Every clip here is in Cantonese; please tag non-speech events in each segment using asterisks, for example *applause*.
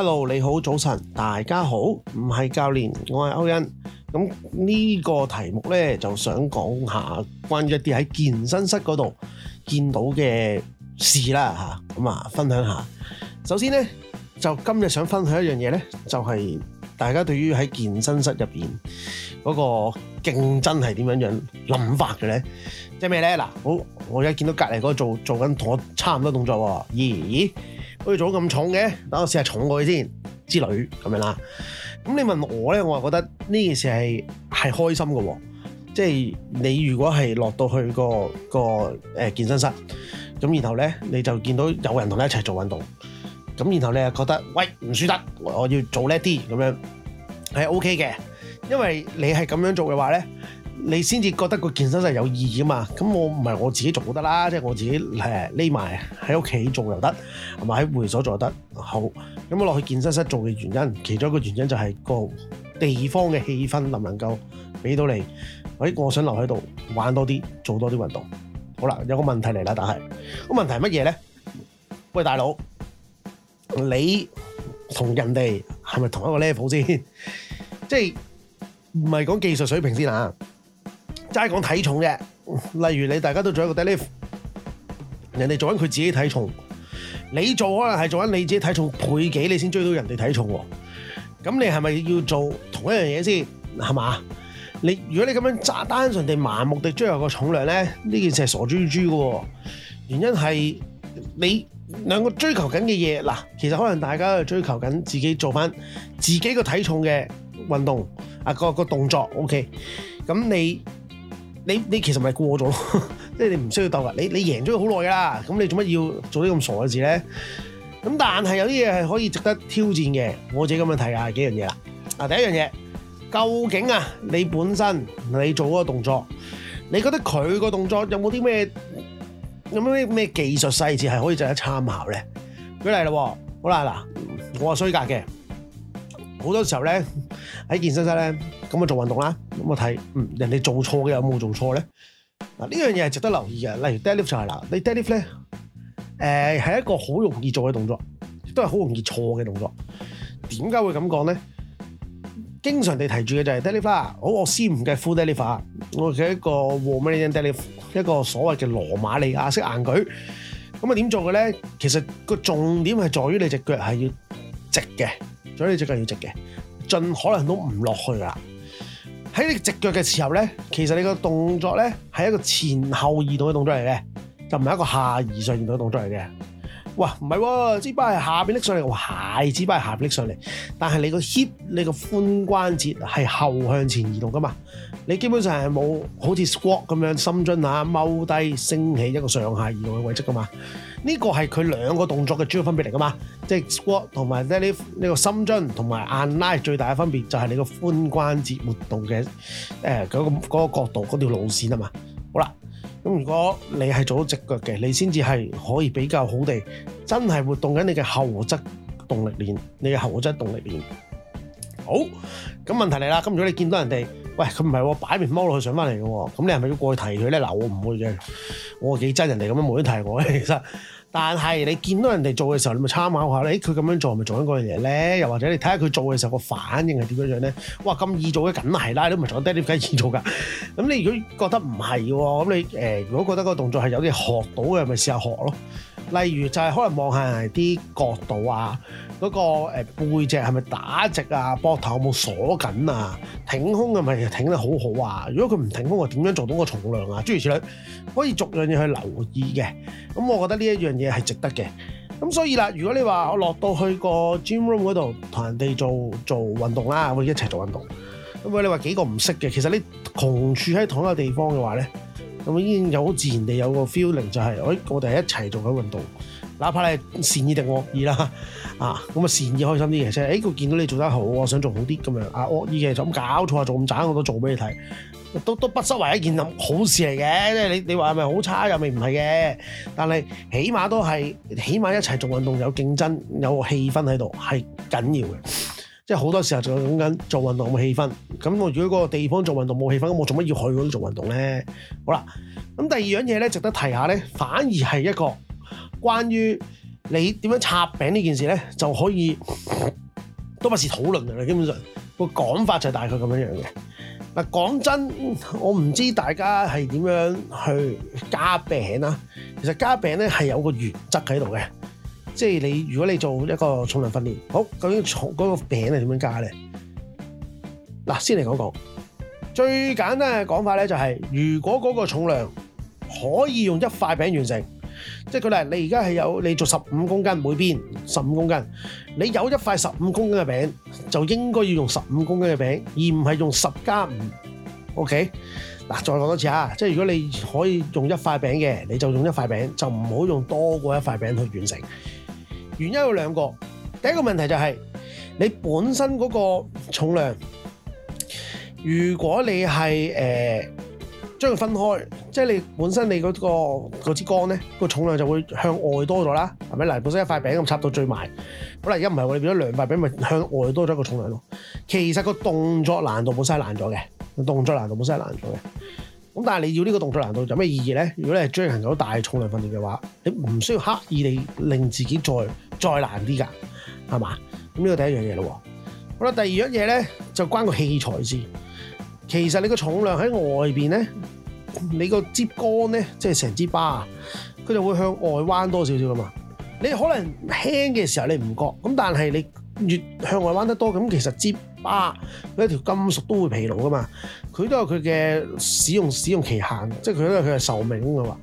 Hello，你好，早晨，大家好，唔係教練，我係歐恩。咁呢個題目呢，就想講下關於一啲喺健身室嗰度見到嘅事啦，吓、啊，咁啊，分享一下。首先呢，就今日想分享一樣嘢呢，就係、是、大家對於喺健身室入邊嗰個競爭係點樣樣諗法嘅呢？即係咩呢？嗱、啊，好，我而家見到隔籬嗰個做做緊同我差唔多動作，咦？做我做咗咁重嘅，等我試下重過去先之類咁樣啦。咁你問我咧，我又覺得呢件事係係開心嘅，即係你如果係落到去個個誒健身室，咁然後咧你就見到有人同你一齊做運動，咁然後你又覺得喂，唔輸得，我我要做叻啲咁樣係 OK 嘅，因為你係咁樣做嘅話咧。你先至覺得個健身室有意義吖嘛？咁我唔係我自己做得啦，即係我自己誒匿埋喺屋企做又得，同埋喺會所做又得。好，咁我落去健身室做嘅原因，其中一個原因就係個地方嘅氣氛能唔能夠俾到你？誒，我想留喺度玩多啲，做多啲運動。好啦，有個問題嚟啦，但係個問題係乜嘢咧？喂，大佬，你同人哋係咪同一個 level 先？即係唔係講技術水平先啊？齋講體重嘅，例如你大家都做一個 delve，人哋做緊佢自己體重，你做可能係做緊你自己體重倍幾，你先追到人哋體重喎。咁你係咪要做同一樣嘢先係嘛？你如果你咁樣單純地盲目地追求個重量咧，呢件事係傻豬豬嘅。原因係你兩個追求緊嘅嘢嗱，其實可能大家都追求緊自己做返自己個體重嘅運動啊，個個動作 OK 咁你。你你其實咪過咗咯，即 *laughs* 係你唔需要鬥噶。你你贏咗佢好耐噶啦，咁你做乜要做啲咁傻嘅事咧？咁但係有啲嘢係可以值得挑戰嘅，我自己咁樣睇下幾樣嘢啦。啊，第一樣嘢，究竟啊，你本身你做嗰個動作，你覺得佢個動作有冇啲咩有冇啲咩技術細節係可以值得參考咧？舉例咯，好啦嗱，我係衰格嘅。好多時候咧，喺健身室咧，咁啊做運動啦，咁我睇嗯人哋做錯嘅，有冇做錯咧？嗱，呢樣嘢係值得留意嘅。例如 deadlift 就係啦，你 deadlift 咧，誒，係一個好容易做嘅動作，亦都係好容易錯嘅動作。點解會咁講咧？經常地提住嘅就係 deadlift 啊。好，我先唔計 full deadlift，我嘅一個 Romanian deadlift，一個所謂嘅羅馬尼亞式硬舉。咁啊點做嘅咧？其實個重點係在於你隻腳係要直嘅。所以你隻腳要直嘅，盡可能都唔落去喇。喺你嘅直腳嘅時候呢，其實你個動作呢，係一個前後移動嘅動作嚟嘅，就唔係一個下移上移嘅動,動作嚟嘅。哇，唔係喎，支巴係下邊拎上嚟，哇，係，支巴係下邊拎上嚟，但係你個 hip，你個髖關節係後向前移動噶嘛，你基本上係冇好似 squat 咁樣深蹲嚇踎低升起一個上下移動嘅位置噶嘛，呢個係佢兩個動作嘅主要分別嚟噶嘛，即係 squat 同埋 deadlift 呢個深蹲同埋硬拉最大嘅分別就係你個髖關節活動嘅誒嗰個角度嗰條路線啊嘛，好啦。咁如果你係做到直腳嘅，你先至係可以比較好地真係活動緊你嘅後側動力鏈，你嘅後側動力鏈。好，咁問題嚟啦，今早你見到人哋，喂，佢唔係擺面踎落去上翻嚟嘅喎，咁你係咪要過去提佢咧？嗱，我唔會嘅，我幾憎人哋咁樣無端端提我嘅，其實。但係你見到人哋做嘅時候，你咪參考下，誒佢咁樣做係咪做緊嗰樣嘢咧？又或者你睇下佢做嘅時候個反應係點樣樣咧？哇，咁易做嘅梗係啦，你唔係做低你梗係易做㗎。咁你如果覺得唔係喎，咁你、呃、如果覺得個動作係有啲學到嘅，咪試下學咯。例如就係可能望下啲角度啊，嗰、嗰個、呃、背脊係咪打直啊，膊頭有冇鎖緊啊，挺胸係咪挺得好好啊，如果佢唔挺胸，我點樣做到個重量啊？諸如此類，可以逐樣嘢去留意嘅。咁我覺得呢一樣嘢係值得嘅。咁所以啦，如果你話我落到去嗰個 gym room 嗰度同人哋做做運動啦、啊，我哋一齊做運動。咁餵你話幾個唔識嘅，其實你共處喺同一個地方嘅話咧。咁已經有好自然地有個 feeling 就係，誒我哋一齊做緊運動，哪怕你善意定惡意啦，啊咁啊善意開心啲嘅，即係誒佢見到你做得好，我想做好啲咁樣啊，惡意嘅就咁搞錯啊，做咁渣我都做俾你睇，都都不失為一件好事嚟嘅，即係你你話係咪好差又咪唔係嘅，但係起碼都係起碼一齊做運動有競爭有個氣氛喺度係緊要嘅。即係好多時候就講緊做運動冇氣氛，咁我如果嗰個地方做運動冇氣氛，咁我做乜要去嗰度做運動咧？好啦，咁第二樣嘢咧值得提下咧，反而係一個關於你點樣插餅呢件事咧，就可以都不是討論嘅啦。基本上個講法就係大概咁樣樣嘅。嗱，講真，我唔知大家係點樣去加餅啦。其實加餅咧係有個原則喺度嘅。即係你，如果你做一個重量訓練，好，究竟重嗰個餅係點樣加咧？嗱，先嚟講講最簡單嘅講法咧，就係如果嗰個重量可以用一塊餅完成，即係佢哋，你而家係有你做十五公斤每邊，十五公斤，你有一塊十五公斤嘅餅，就應該要用十五公斤嘅餅，而唔係用十加五。OK，嗱，再講多次啊，即係如果你可以用一塊餅嘅，你就用一塊餅，就唔好用多過一塊餅去完成。原因有兩個，第一個問題就係、是、你本身嗰個重量，如果你係誒、呃、將佢分開，即、就、係、是、你本身你、那、嗰、個、支桿咧個重量就會向外多咗啦，係咪？嗱，本身一塊餅咁插到最埋，好啦，而家唔係我哋變咗兩塊餅，咪向外多咗一個重量咯。其實個動作難度冇曬難咗嘅，動作難度冇曬難咗嘅。咁但係你要呢個動作難度有咩意義咧？如果你係進行咗大重量訓練嘅話，你唔需要刻意地令自己再再難啲㗎，係嘛？咁呢個第一樣嘢咯喎。好啦，第二樣嘢咧就關個器材先。其實你個重量喺外邊咧，你個接杆咧，即係成支巴，佢就會向外彎多少少㗎嘛。你可能輕嘅時候你唔覺，咁但係你越向外彎得多，咁其實支巴佢一條金屬都會疲勞㗎嘛。佢都有佢嘅使用使用期限，即係佢都有佢嘅壽命㗎嘛。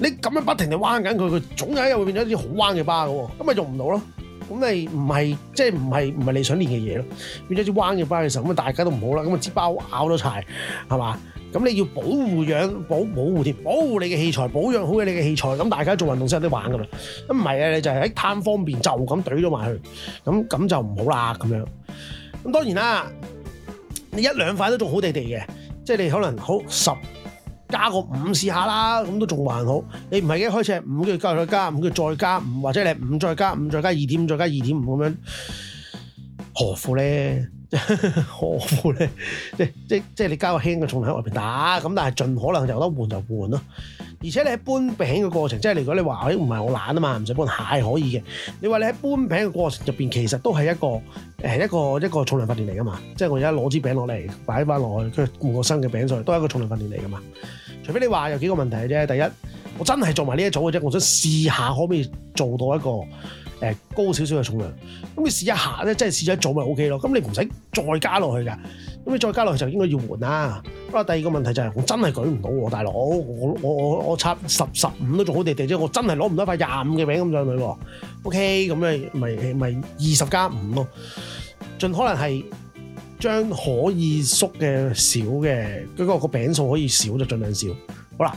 你咁樣不停地彎緊佢，佢總有一日會變咗一支好彎嘅巴嘅，咁咪用唔到咯？咁你唔係即係唔係唔係你想練嘅嘢咯？變咗啲彎嘅巴嘅時候，咁大家都唔好啦，咁啊支包咬咗齊，係嘛？咁你要保護養保保護添，保護你嘅器材，保養好嘅你嘅器材，咁大家做運動先有得玩噶嘛？咁唔係啊，你就係喺貪方便就咁懟咗埋去，咁咁就唔好啦咁樣。咁當然啦，你一兩塊都做好地地嘅，即係你可能好十。加個五試下啦，咁都仲還好。你唔係一開始係五，跟住加再加，五佢再加五，或者你五再加五再加二點五再加二點五咁樣，何苦咧？ *laughs* 何苦咧？即即即你加個輕嘅重量喺外邊打，咁但係盡可能就得換就換咯。而且你喺搬餅嘅過程，即係如果你話，哎唔係我懶啊嘛，唔使搬，係可以嘅。你話你喺搬餅嘅過程入邊，其實都係一個誒一個一個重量訓練嚟噶嘛。即係我而家攞支餅落嚟擺翻落去，跟住換個新嘅餅上去，都係一個重量訓練嚟噶嘛。除非你話有幾個問題啫。第一，我真係做埋呢一組嘅啫，我想試下可唔可以做到一個。誒高少少嘅重量，咁你試一下咧，即係試咗一組咪 OK 咯。咁你唔使再加落去噶，咁你再加落去就應該要換啦。不過第二個問題就係我真係舉唔到喎，大佬，我我我我插十十五都仲好地地啫，我真係攞唔到一塊廿五嘅餅咁上去喎。OK，咁咪咪咪二十加五咯，盡可能係將可以縮嘅少嘅，嗰個個餅數可以少就盡量少。好啦。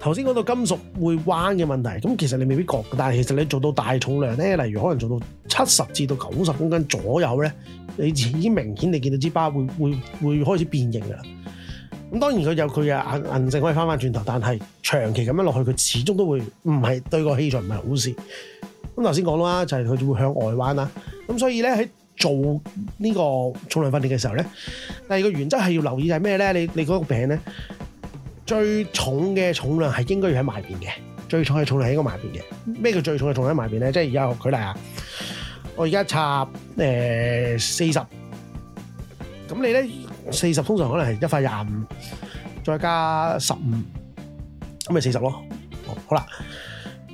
頭先講到金屬會彎嘅問題，咁其實你未必覺，但係其實你做到大重量咧，例如可能做到七十至到九十公斤左右咧，你已經明顯你見到支巴會會會開始變形噶啦。咁當然佢有佢嘅硬韌性可以翻返轉頭，但係長期咁樣落去，佢始終都會唔係對個器材唔係好事。咁頭先講啦，就係佢就會向外彎啦。咁所以咧，喺做呢個重量訓練嘅時候咧，第二個原則係要留意係咩咧？你你嗰個餅咧？最重嘅重量係應該要喺埋邊嘅，最重嘅重量係應該喺埋邊嘅。咩叫最重嘅重量喺埋邊咧？即係而家我舉例啊！我而家插誒四十，咁、呃、你咧四十通常可能係一塊廿五，再加十五，咁咪四十咯。好啦，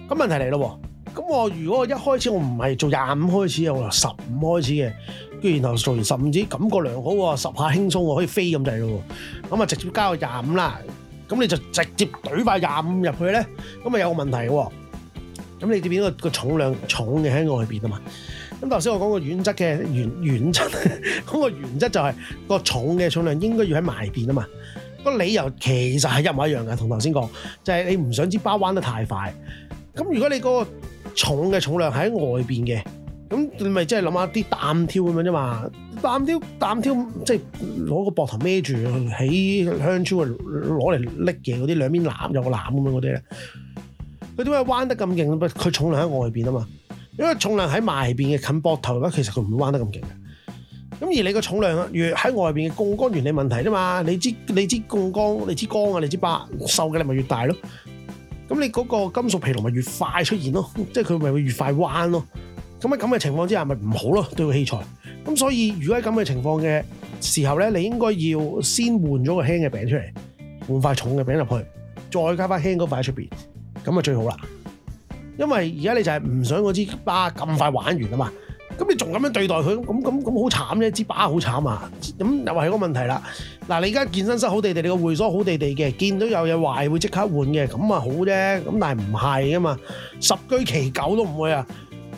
咁問題嚟咯喎。咁我如果我一開始我唔係做廿五開始啊，我由十五開始嘅，跟住然後做完十五，只感覺良好喎，十下輕鬆喎，可以飛咁滯咯喎。咁啊，直接加個廿五啦。咁你就直接隊塊廿五入去咧，咁啊有個問題喎。咁你點變個重量重嘅喺外邊啊嘛？咁頭先我講個原則嘅原原則，個 *laughs* 個原則就係個重嘅重量應該要喺埋邊啊嘛。個理由其實係一模一樣嘅，同頭先講就係你唔想支巴彎得太快。咁如果你個重嘅重量喺外邊嘅。咁你咪即係諗下啲彈跳咁樣啫嘛，彈跳彈跳即係攞個膊頭孭住起向出攞嚟拎嘅嗰啲兩邊攬有個攬咁樣嗰啲咧，佢點解彎得咁勁？佢重量喺外邊啊嘛，因為重量喺埋邊嘅近膊頭，其實佢唔會彎得咁勁嘅。咁而你個重量越喺外邊嘅槓桿原理問題啫嘛，你知你知槓桿你知槓啊你知把受嘅力你咪越大咯，咁你嗰個金屬疲勞咪越快出現咯，即係佢咪會越快彎咯。咁喺咁嘅情況之下，咪唔好咯對個器材。咁所以如果喺咁嘅情況嘅時候咧，你應該要先換咗個輕嘅餅出嚟，換塊重嘅餅入去，再加翻輕嗰塊喺出邊，咁啊最好啦。因為而家你就係唔想嗰支巴咁快玩完啊嘛。咁你仲咁樣對待佢，咁咁咁好慘啫，支巴好慘啊。咁又係個問題啦。嗱，你而家健身室好地地，你個會所好地地嘅，見到有嘢壞會即刻換嘅，咁啊好啫。咁但係唔係啊嘛？十居其九都唔會啊。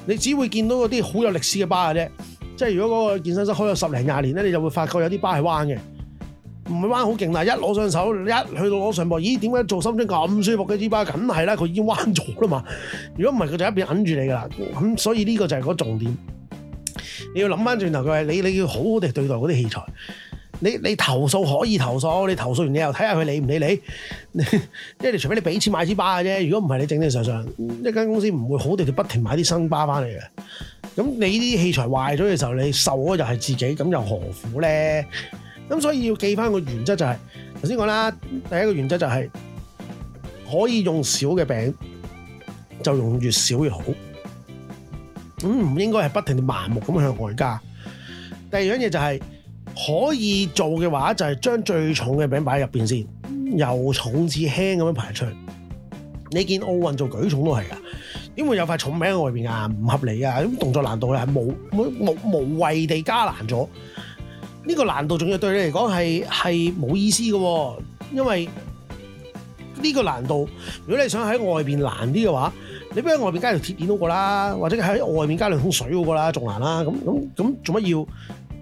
你只會見到嗰啲好有歷史嘅吧嘅啫，即係如果嗰個健身室開咗十零廿年咧，你就會發覺有啲吧係彎嘅，唔係彎好勁嗱，但一攞上手一去到攞上膊，咦？點解做深蹲咁舒服嘅啲吧？梗係啦，佢已經彎咗啦嘛。如果唔係，佢就一邊揞住你噶啦。咁所以呢個就係個重點，你要諗翻轉頭，佢係你你要好好地對待嗰啲器材。你你投訴，可以投訴，你投訴完你又睇下佢理唔理你，因為你除非你俾錢買支巴嘅啫。如果唔係你正正常常一間公司唔會好哋哋不停買啲新巴翻嚟嘅。咁你啲器材壞咗嘅時候，你受嗰又係自己，咁又何苦咧？咁所以要記翻個原則就係頭先講啦，第一個原則就係可以用少嘅餅就用越少越好，咁唔應該係不停盲目咁向外加。第二樣嘢就係。可以做嘅話，就係將最重嘅餅擺喺入邊先，由重至輕咁樣排出。你見奧運做舉重都係噶，因為有塊重餅喺外面啊，唔合理啊！咁動作難度係無無，無，無謂地加難咗。呢個難度仲要對你嚟講係係冇意思嘅，因為呢個難度，如果你想喺外面難啲嘅話，你不如喺外面加條鐵鏈好過啦，或者喺外面加兩桶水好過啦，仲難啦。咁咁咁做乜要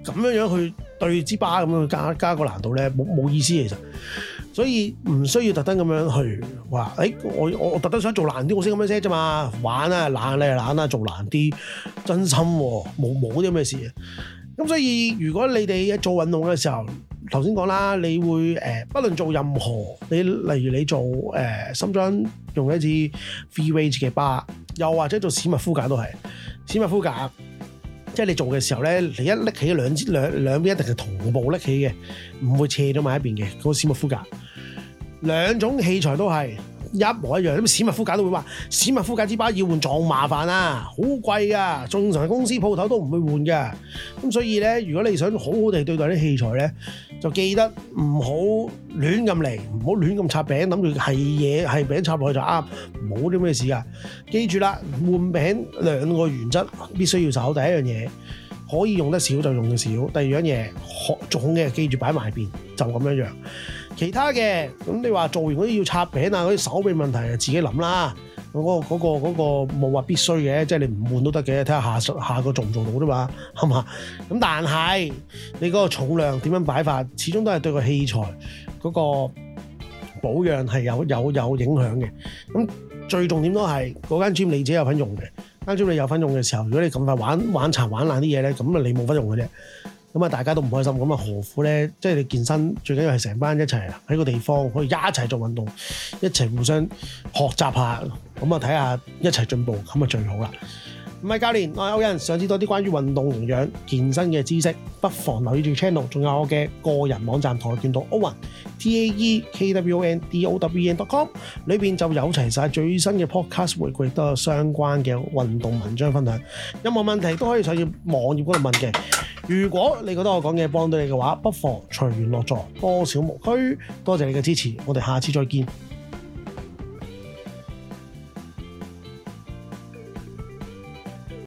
咁樣樣去？對支巴咁樣加加個難度咧，冇冇意思其、啊、實，所以唔需要特登咁樣去話，誒、欸、我我特登想做難啲，我先咁樣啫嘛，玩啊懶咧、啊、懶啊，做難啲，真心冇冇啲咁嘅事、啊。咁所以如果你哋一做運動嘅時候，頭先講啦，你會誒、呃，不論做任何，你例如你做誒、呃、深蹲，用一支 free weight 嘅巴，又或者做史密夫架都係，史密夫架。即係你做嘅時候咧，你一拎起兩支兩兩邊一定係同步拎起嘅，唔會斜咗埋一邊嘅。嗰個史密夫架兩種器材都係一模一樣，咁史密夫架都會話：史密夫架支巴要換撞麻煩啊，好貴噶，正常公司鋪頭都唔會換㗎。咁所以咧，如果你想好好地對待啲器材咧，就記得唔好亂咁嚟，唔好亂咁插餅，諗住係嘢係餅插落去就啱，冇啲咩事噶。記住啦，換餅兩個原則必須要守。第一樣嘢可以用得少就用得少。第二樣嘢學種嘅，記住擺埋邊就咁樣樣。其他嘅咁你話做完嗰啲要插餅啊，嗰啲手臂問題就自己諗啦。嗰個嗰個嗰個冇話必須嘅，即係你唔換都得嘅，睇下下下個做唔做到啫嘛，係嘛？咁但係你嗰個重量點樣擺法，始終都係對個器材嗰個保養係有有有影響嘅。咁最重點都係嗰間 gym 你自己有份用嘅，間 gym 你有份用嘅時候，如果你咁快玩玩殘玩爛啲嘢咧，咁啊你冇份用嘅啫。咁啊，大家都唔開心，咁啊何苦咧？即係你健身最緊要係成班一齊喺個地方可以一齊做運動，一齊互相學習下，咁啊睇下一齊進步，咁啊最好啦。唔係教練，我係歐文想知道多啲關於運動營養、健身嘅知識，不妨留意住 channel，仲有我嘅個人網站台拳道歐文，t a e k w o n d o w e n dot com，裏面就有齊晒最新嘅 podcast，回亦都有相關嘅運動文章分享。有冇問題都可以上要網頁嗰度問嘅。如果你覺得我講嘅幫到你嘅話，不妨隨緣落座。多少無拘，多謝你嘅支持，我哋下次再見。